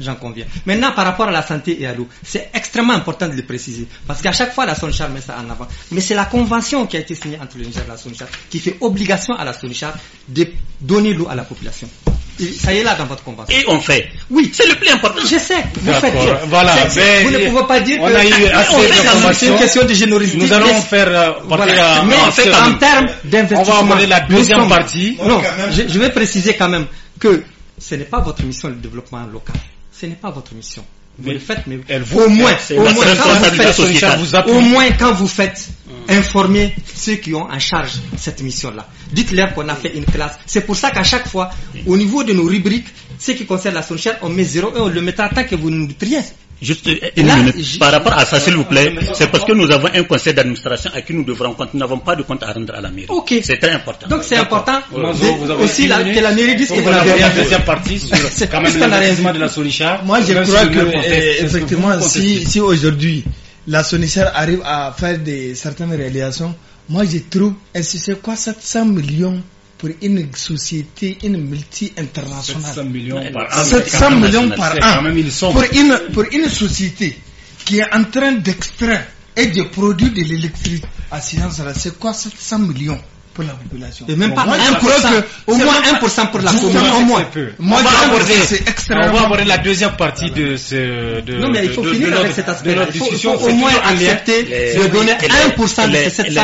J'en conviens. Maintenant, par rapport à la santé et à l'eau, c'est extrêmement important de le préciser. Parce qu'à chaque fois, la Sonichar met ça en avant. Mais c'est la convention qui a été signée entre le Niger et la Sonichar qui fait obligation à la Sonichar de donner l'eau à la population ça y est là dans votre combat. Et on fait. Oui. C'est le plus important. Je sais. Vous faites Voilà. Mais ben, vous ne pouvez pas dire on que. A eu [laughs] assez C'est une question de générosité. Nous allons faire. Euh, mais en, termes d'investissement. On va amener la deuxième partie. Non, je, je vais préciser quand même que ce n'est pas votre mission le développement local. Ce n'est pas votre mission vous le mais au moins, au moins, quand vous faites, mm. informer ceux qui ont en charge cette mission-là. Dites-leur qu'on a mm. fait une classe. C'est pour ça qu'à chaque fois, au niveau de nos rubriques, ce qui concerne la société, on met zéro et on le mettra tant que vous nous triez. Juste une minute. Par rapport à ça, s'il vous plaît, c'est parce que nous avons un conseil d'administration à qui nous devrons compte. Nous n'avons pas de compte à rendre à la mairie. C'est très important. Donc c'est important aussi la, que la mairie dise que vous avez la deuxième partie [laughs] sur quand même de la Sonichard. Moi, je crois euh, que, effectivement, si, si aujourd'hui la Sonichard arrive à faire des certaines réalisations, moi, je trouve, ainsi c'est quoi 700 millions pour une société, une multi-internationale. 700 millions par an. Pour une, pour une société qui est en train d'extraire et de produire de l'électricité à ah, c'est quoi 700 millions pour la population. Et même pas un je 1%, au moins 1% pour la commune. Au moins. Moi, je va aborder, c'est extrêmement... on va aborder la deuxième partie de ce. De, non, mais il faut finir avec cet aspect. Il faut, au moins accepter de donner 1% de ces 700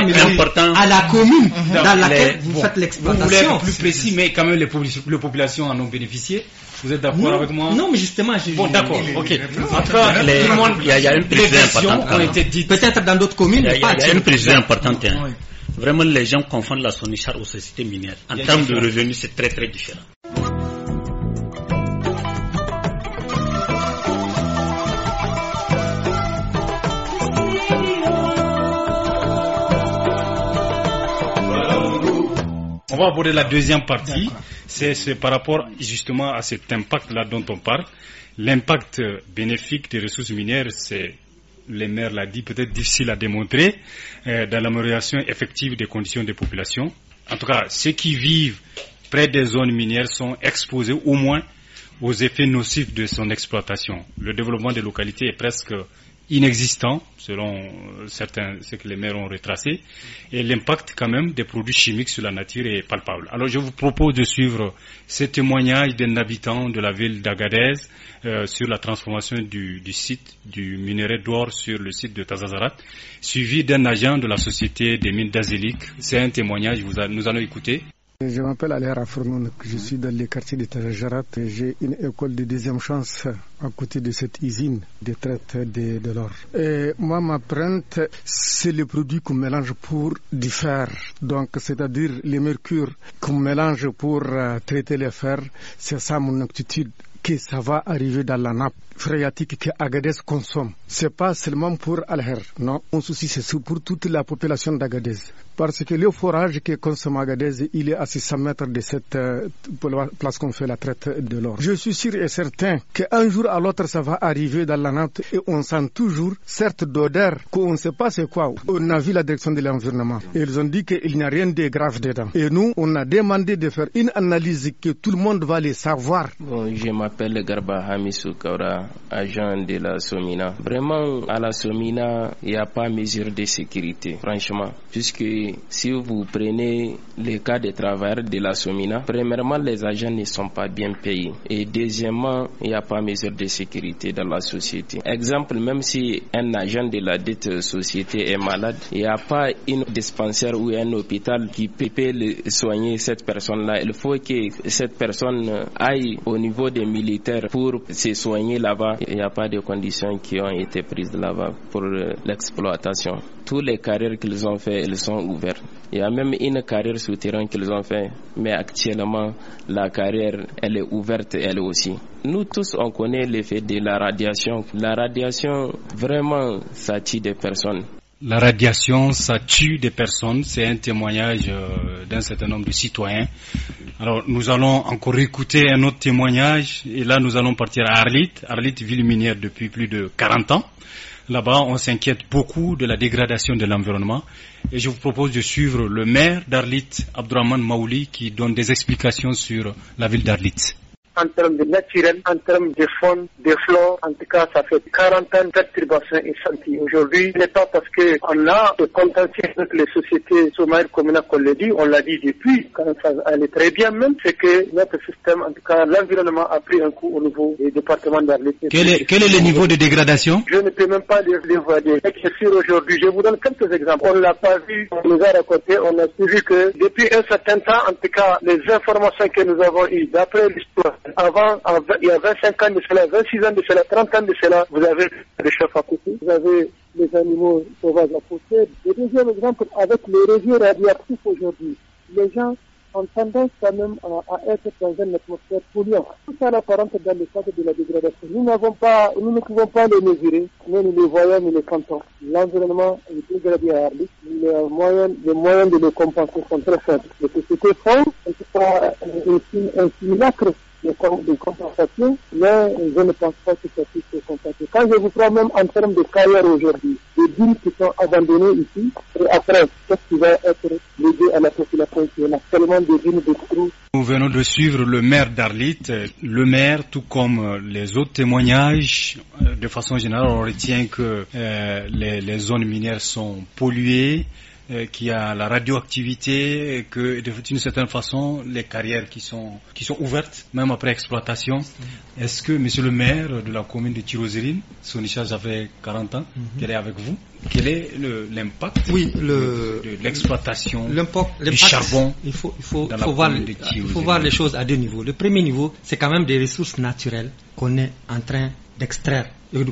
à la commune mhm. dans laquelle vous faites l'exploitation. Vous voulez plus précis, mais quand même, les populations en ont bénéficié. Vous êtes d'accord avec moi Non, mais justement, j'ai. Bon, d'accord, ok. En tout cas, il y a une précision importante. Hein. Peut-être dans d'autres communes, Il y a une précision importante. Hein. Vraiment, les gens confondent la Sonichar aux sociétés minières. En termes de revenus, c'est très très différent. On va aborder la deuxième partie, c'est par rapport justement à cet impact-là dont on parle. L'impact euh, bénéfique des ressources minières, c'est les maires l'a dit, peut-être difficile à démontrer, euh, dans l'amélioration effective des conditions des populations. En tout cas, ceux qui vivent près des zones minières sont exposés au moins aux effets nocifs de son exploitation. Le développement des localités est presque inexistant, selon euh, certains, ce que les maires ont retracé, et l'impact quand même des produits chimiques sur la nature est palpable. Alors je vous propose de suivre ce témoignage d'un habitant de la ville d'Agadez euh, sur la transformation du, site du minerai d'or sur le site de Tazazarat, suivi d'un agent de la société des mines d'Azélique. C'est un témoignage, nous allons écouter. Je m'appelle Alher Fournoun, je suis dans le quartier de et J'ai une école de deuxième chance à côté de cette usine de traite de, de l'or. Et moi, ma printe, c'est le produit qu'on mélange pour du fer. Donc, c'est-à-dire le mercure qu'on mélange pour euh, traiter le fer. C'est ça mon aptitude que ça va arriver dans la nappe phréatique que Agadez consomme. C'est pas seulement pour Alher, non. Mon souci, c'est pour toute la population d'Agadez. Parce que le forage qui est consommé à il est à 600 mètres de cette euh, place qu'on fait la traite de l'or. Je suis sûr et certain qu'un jour à l'autre, ça va arriver dans la Nantes et on sent toujours, certes d'odeur, qu'on ne sait pas c'est quoi. On a vu la direction de l'environnement. Ils ont dit qu'il n'y a rien de grave dedans. Et nous, on a demandé de faire une analyse que tout le monde va les savoir. je m'appelle Garba Hamissou agent de la Somina. Vraiment, à la Somina, il n'y a pas mesure de sécurité, franchement, puisque si vous prenez les cas des travailleurs de la Somina, premièrement, les agents ne sont pas bien payés. Et deuxièmement, il n'y a pas mesure de sécurité dans la société. Exemple, même si un agent de la dette société est malade, il n'y a pas une dispensaire ou un hôpital qui peut, soigner cette personne-là. Il faut que cette personne aille au niveau des militaires pour se soigner là-bas. Il n'y a pas de conditions qui ont été prises là-bas pour euh, l'exploitation. Tous les carrières qu'ils ont fait, elles sont il y a même une carrière souterraine qu'ils ont fait, mais actuellement, la carrière, elle est ouverte, elle aussi. Nous tous, on connaît l'effet de la radiation. La radiation, vraiment, ça tue des personnes. La radiation, ça tue des personnes. C'est un témoignage euh, d'un certain nombre de citoyens. Alors, nous allons encore écouter un autre témoignage. Et là, nous allons partir à Arlit. Arlit, ville minière depuis plus de 40 ans. Là-bas, on s'inquiète beaucoup de la dégradation de l'environnement. Et je vous propose de suivre le maire d'Arlit, Abdourahman Maouli, qui donne des explications sur la ville d'Arlit en termes de naturel, en termes de faune, de flore. En tout cas, ça fait 40 ans le et senti Aujourd'hui, il n'est pas parce qu'on a de contentieux avec les sociétés sommaires communes qu'on le dit, on l'a dit depuis, quand ça allait très bien même, c'est que notre système, en tout cas l'environnement a pris un coup au niveau des départements d'Arlétique. Quel est, quel est le niveau de dégradation Je ne peux même pas les voir. C'est aujourd'hui. Je vous donne quelques exemples. On l'a pas vu, on nous a raconté, on a vu que depuis un certain temps, en tout cas, les informations que nous avons eues d'après l'histoire avant, il y a 25 ans de cela, 26 ans de cela, 30 ans de cela, vous avez les chefs à côté, vous avez les animaux sauvages à côté. Le deuxième exemple, avec les régions radioactifs aujourd'hui, les gens ont tendance quand même à, être dans une atmosphère polluante. Tout ça apparente dans le cadre de la dégradation. Nous n'avons pas, nous ne pouvons pas les mesurer, mais nous les voyons, nous les sentons. L'environnement est dégradé à Arlis. Les moyens, les de le compenser sont très faibles. Les sociétés font, c'est un simulacre de, compensation, mais je ne pense pas que ça puisse se compenser. Quand je vous prends même en termes de carrière aujourd'hui, les villes qui sont abandonnées ici, et après, qu'est-ce qui va être légué à la population qui a tellement de villes de trous nous venons de suivre le maire d'Arlit. Euh, le maire, tout comme euh, les autres témoignages, euh, de façon générale, on retient que les, les, zones minières sont polluées, euh, qui a la radioactivité, et que d'une certaine façon, les carrières qui sont, qui sont ouvertes, même après exploitation. Mm-hmm. Est-ce que monsieur le maire de la commune de Tirozérine, Sonicha, j'avais 40 ans mm-hmm. qu'elle est avec vous, quel est l'impact oui, de, l'exploitation du charbon il faut, il faut, faut voir, Il faut voir les choses à deux niveaux. Le premier niveau, c'est quand même des ressources naturelles qu'on est en train d'extraire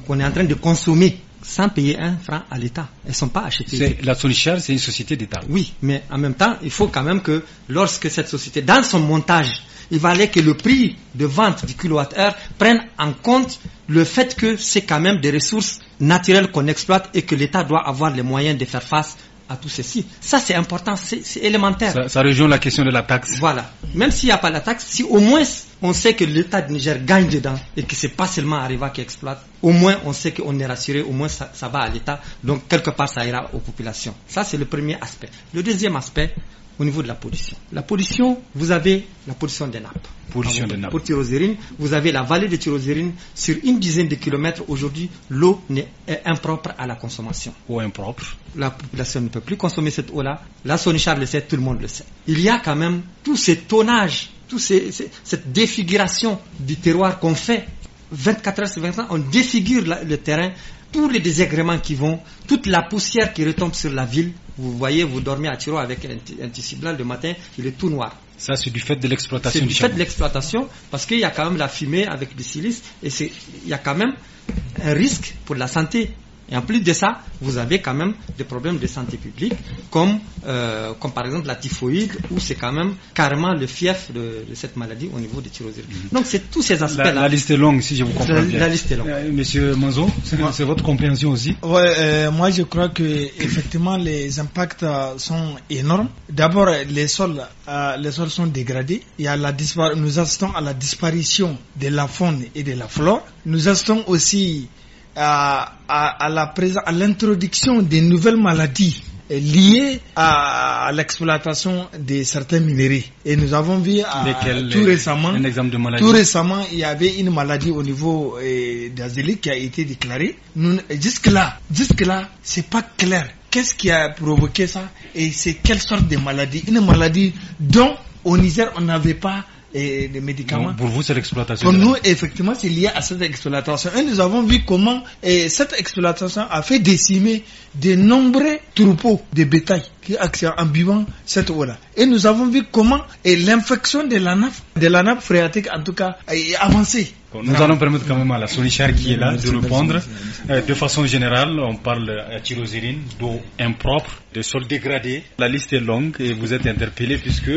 qu'on est en train de consommer sans payer un franc à l'État. Elles ne sont pas achetées. La Solichère, c'est une société d'État. Oui, mais en même temps, il faut quand même que lorsque cette société, dans son montage, il valait que le prix de vente du kilowattheure prenne en compte le fait que c'est quand même des ressources naturelles qu'on exploite et que l'État doit avoir les moyens de faire face à tout ceci. Ça, c'est important, c'est élémentaire. Ça, ça rejoint la question de la taxe. Voilà. Même s'il n'y a pas la taxe, si au moins on sait que l'État du Niger gagne dedans et que c'est pas seulement Arriva qui exploite, au moins on sait qu'on est rassuré, au moins ça, va à l'État, donc quelque part ça ira aux populations. Ça c'est le premier aspect. Le deuxième aspect, au niveau de la pollution. La pollution, vous avez la pollution des nappes. Pollution des nappes. Pour Tyrosérine, vous avez la vallée de Tyrosérine. Sur une dizaine de kilomètres, aujourd'hui, l'eau est impropre à la consommation. ou impropre. La population ne peut plus consommer cette eau-là. La Sony le sait, tout le monde le sait. Il y a quand même tout ces tonnage toute cette défiguration du terroir qu'on fait 24 heures sur 24, on défigure le terrain, tous les désagréments qui vont, toute la poussière qui retombe sur la ville. Vous voyez, vous dormez à Tiro avec un, tissu blanc le matin, il est tout noir. Ça, c'est du fait de l'exploitation. C'est du, fait de l'exploitation, parce qu'il y a quand même la fumée avec des silices et il y a quand même un risque pour la santé et en plus de ça, vous avez quand même des problèmes de santé publique, comme, euh, comme par exemple la typhoïde, où c'est quand même carrément le fief de, cette maladie au niveau des thyroïdes. Mhm. Donc c'est tous ces aspects-là. La, liste est longue, si je vous comprends bien. La liste est longue. Euh, monsieur Manzo, c'est votre compréhension aussi euh, moi je crois que effectivement les impacts sont énormes. D'abord, les sols, les sols sont dégradés. Il y la nous assistons à la disparition de la faune et de la flore. Nous assistons aussi à, à, la présence, à l'introduction des nouvelles maladies liées à, l'exploitation de certains minéraux. Et nous avons vu tout récemment, un exemple de tout récemment, il y avait une maladie au niveau euh, d'Azélie qui a été déclarée. Jusque là, jusque là, c'est pas clair. Qu'est-ce qui a provoqué ça et c'est quelle sorte de maladie Une maladie dont au Niger on n'avait pas et médicaments. pour vous, c'est l'exploitation. Pour nous, effectivement, c'est lié à cette exploitation. Et nous avons vu comment cette exploitation a fait décimer de nombreux troupeaux de bétail qui en buvant cette eau-là. Et nous avons vu comment l'infection de la nappe, de la nappe phréatique en tout cas, A avancé nous allons permettre quand même à la Solichard qui est là de répondre. Euh, de façon générale, on parle à euh, tyrosérine, d'eau impropre, de sol dégradé. La liste est longue et vous êtes interpellé puisque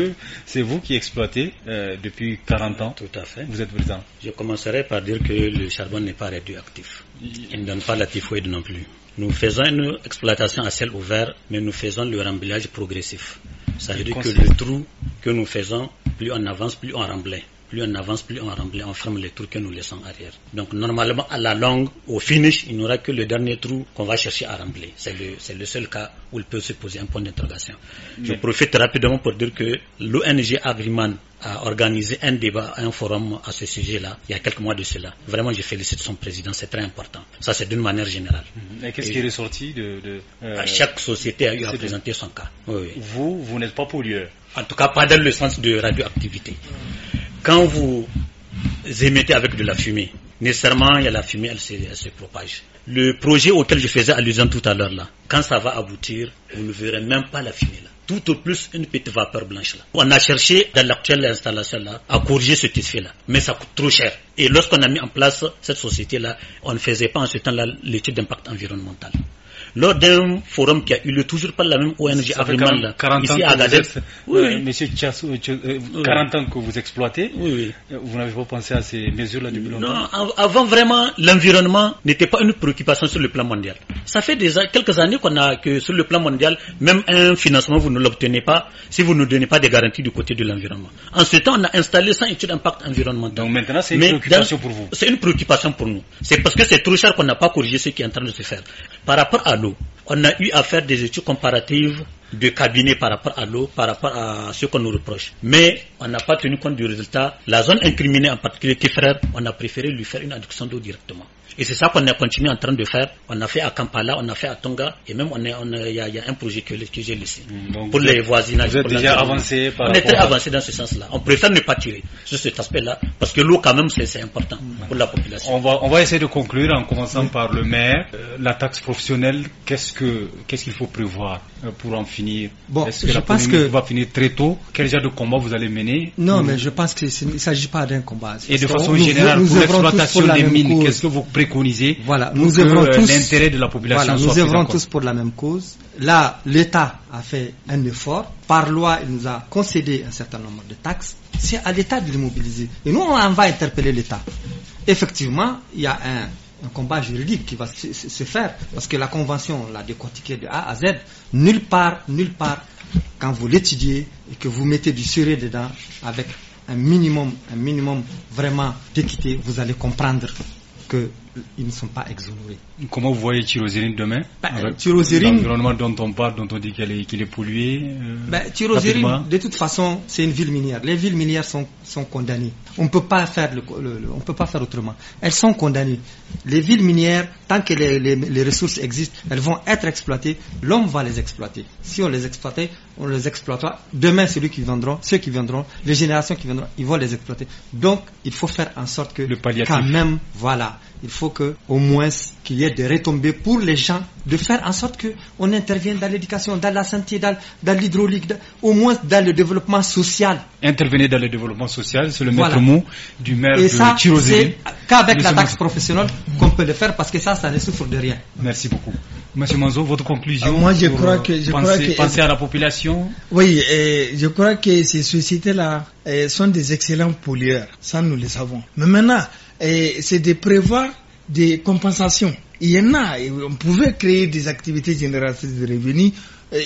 c'est vous qui exploitez euh, depuis 40 ans. Tout à fait. Vous êtes présent. Je commencerai par dire que le charbon n'est pas radioactif. Il ne donne pas la typhoïde non plus. Nous faisons une exploitation à ciel ouvert, mais nous faisons le remblage progressif. Ça veut dire que le trou que nous faisons, plus on avance, plus on remblait plus on avance, plus on remplit, on ferme les trous que nous laissons arrière. Donc normalement, à la longue, au finish, il n'y aura que le dernier trou qu'on va chercher à remplir. C'est le, le, seul cas où il peut se poser un point d'interrogation. Je profite rapidement pour dire que l'ONG Agriman a organisé un débat, un forum à ce sujet-là, il y a quelques mois de cela. Vraiment, je félicite son président, c'est très important. Ça, c'est d'une manière générale. Mhm. Et qu'est-ce qui est ressorti de... Euh, chaque société a eu à présenter son cas. Vous, vous n'êtes pas pollueur En tout cas, pas dans le sens de radioactivité quand vous émettez avec de la fumée, nécessairement, la fumée, elle se, propage. Le projet auquel je faisais allusion tout à l'heure, quand ça va aboutir, vous ne verrez même pas la fumée, là. Tout au plus une petite vapeur blanche, On a cherché, dans l'actuelle installation, là, à corriger ce tissu là. Mais ça coûte trop cher. Et lorsqu'on a mis en place cette société-là, on ne faisait pas en ce temps-là l'étude d'impact environnemental lors d'un forum qui a eu le toujours pas la même ONG africaine ici à Agadez. oui, euh, Monsieur Tchassou, 40 euh, euh, ans que vous exploitez, vous n'avez pas pensé à ces mesures-là depuis longtemps Non, avant vraiment, l'environnement n'était pas une préoccupation sur le plan mondial. Ça fait déjà quelques années qu'on a que sur le plan mondial, même un financement, vous ne l'obtenez pas si vous ne donnez pas des garanties du côté de l'environnement. En ce temps, on a installé sans étude d'impact environnemental. Donc maintenant, c'est une préoccupation pour vous C'est une préoccupation pour nous. C'est parce que c'est trop cher qu'on n'a pas corrigé ce qui est en train de se faire. Par rapport à nous. On a eu à faire des études comparatives de cabinet par rapport à l'eau, par rapport à ce qu'on nous reproche. Mais on n'a pas tenu compte du résultat. La zone incriminée en particulier, frère, on a préféré lui faire une adduction d'eau directement. Et c'est ça qu'on a continué en train de faire. On a fait à Kampala, on a fait à Tonga, et même il on on y, y, a un projet que, j'ai laissé mm, pour les voisinages. Vous êtes déjà avancé par On est très avancé dans ce sens-là. On préfère ne pas tirer sur cet aspect-là, parce que l'eau, quand même, c'est important pour la population. On va, on va essayer de conclure en commençant par le maire. Euh, la taxe professionnelle, qu'est-ce que qu'est-ce qu'il faut prévoir euh, pour en finir bon, Est-ce que je la pense que... va finir très tôt Quel genre de combat vous allez mener Non, mm. mais je pense qu'il ne s'agit pas d'un combat. Et de façon générale, pour l'exploitation des mines, qu'est-ce que vous préconiser voilà, nous euh, l'intérêt de la population voilà, Nous œuvrons tous pour la même cause. Là, l'État a fait un effort. Par loi, il nous a concédé un certain nombre de taxes. C'est à l'État de les mobiliser. Et nous, on va interpeller l'État. Effectivement, il y a un combat juridique qui va se, faire parce que la convention l'a décortiquée de A à Z. Nulle part, nulle part, quand vous l'étudiez et que vous mettez du sérieux dedans avec un minimum, un minimum vraiment d'équité, vous allez comprendre que ils ne sont pas exonérés. Comment vous voyez Tirozérine demain bah, L'environnement dont on parle, dont on dit qu'il est, pollué. Euh, bah, de toute façon, c'est une ville minière. Les villes minières sont, sont condamnées. On ne peut pas faire le, on peut pas faire autrement. Elles sont condamnées. Les villes minières, tant que les, les, ressources existent, elles vont être exploitées. L'homme va les exploiter. Si on les exploitait, on les exploitera. Demain, lui qui viendra. ceux qui viendront, les générations qui viendront, ils vont les exploiter. Donc, il faut faire en sorte que, le quand même, voilà il faut que au moins qu'il y ait des retombées pour les gens, de faire en sorte qu'on intervienne dans l'éducation, dans la santé, dans, dans l'hydraulique, au moins dans le développement social. Intervenir dans le développement social, c'est le maître mot du maire Et ça, c'est qu'avec la taxe professionnelle qu'on peut le faire parce que ça, ça ne souffre de rien. Merci beaucoup. Monsieur Manzo, votre conclusion ah, Moi, je crois que. Euh, je crois que, penser à la population Oui, et je crois que ces sociétés-là sont des excellents pollueurs. Ça, nous le savons. Mais maintenant, c'est de prévoir des compensations. Il y en a, on pouvait créer des activités génératrices de revenus,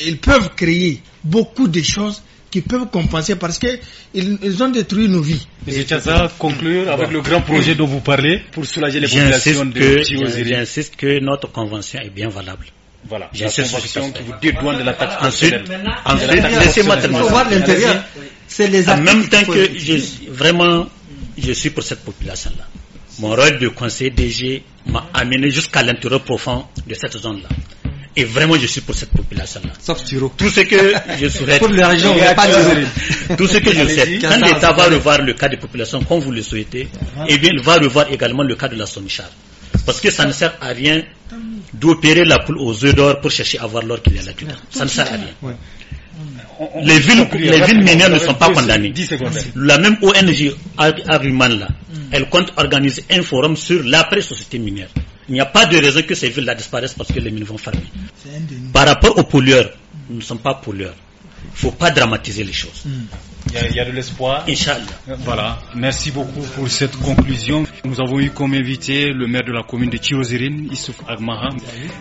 ils peuvent créer beaucoup de choses qui peuvent compenser parce que ils, ont détruit nos vies. Monsieur Tchaza, conclure avec le grand projet dont vous parlez pour soulager les populations de J'insiste que notre convention est bien valable. Voilà, Ensuite, laissez-moi terminer. C'est les En même temps que vraiment, je suis pour cette population-là. Mon rôle de conseiller DG m'a amené jusqu'à l'intérieur profond de cette zone-là. Et vraiment, je suis pour cette population-là. Sauf Tout ce que je [laughs] souhaite. pour les pas de Tout ce que je souhaite. Quand l'État va revoir le cas des populations comme vous le souhaitez, uh-huh. et eh bien, il va revoir également le cas de la Sonichar. Parce que ça ne sert à rien d'opérer la poule aux œufs d'or pour chercher à voir l'or qu'il y a là-dedans. Ça ne sert à rien les villes, les villes minières ne sont pas condamnées. La même ONG hmm. elle compte organiser un forum sur l'après-société minière. Il n'y a pas de raison que ces villes disparaissent parce que les mines vont fermer. Par rapport aux pollueurs, nous ne sommes pas pollueurs. Il ne faut pas dramatiser les choses. Hmm. Il y a, de l'espoir. Voilà. Merci beaucoup pour cette conclusion. Nous avons eu comme invité le maire de la commune de Chirozirine, Issouf Agmaha.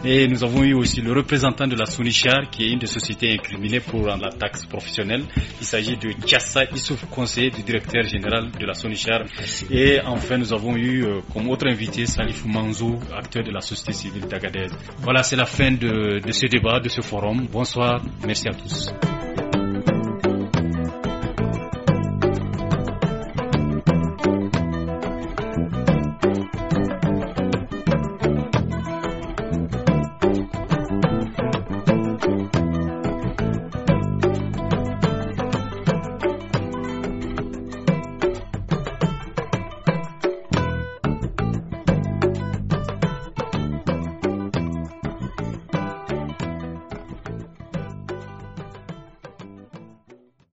Et nous avons eu aussi le représentant de la Sounichar, qui est une des sociétés incriminées pour la taxe professionnelle. Il s'agit de Tchassa Issouf, conseiller du directeur général de la Sounichar. Et enfin, nous avons eu euh, comme autre invité Salif Manzou, acteur de la société civile d'Agadez. Voilà, c'est la fin de ce débat, de ce forum. Bonsoir. Merci à tous.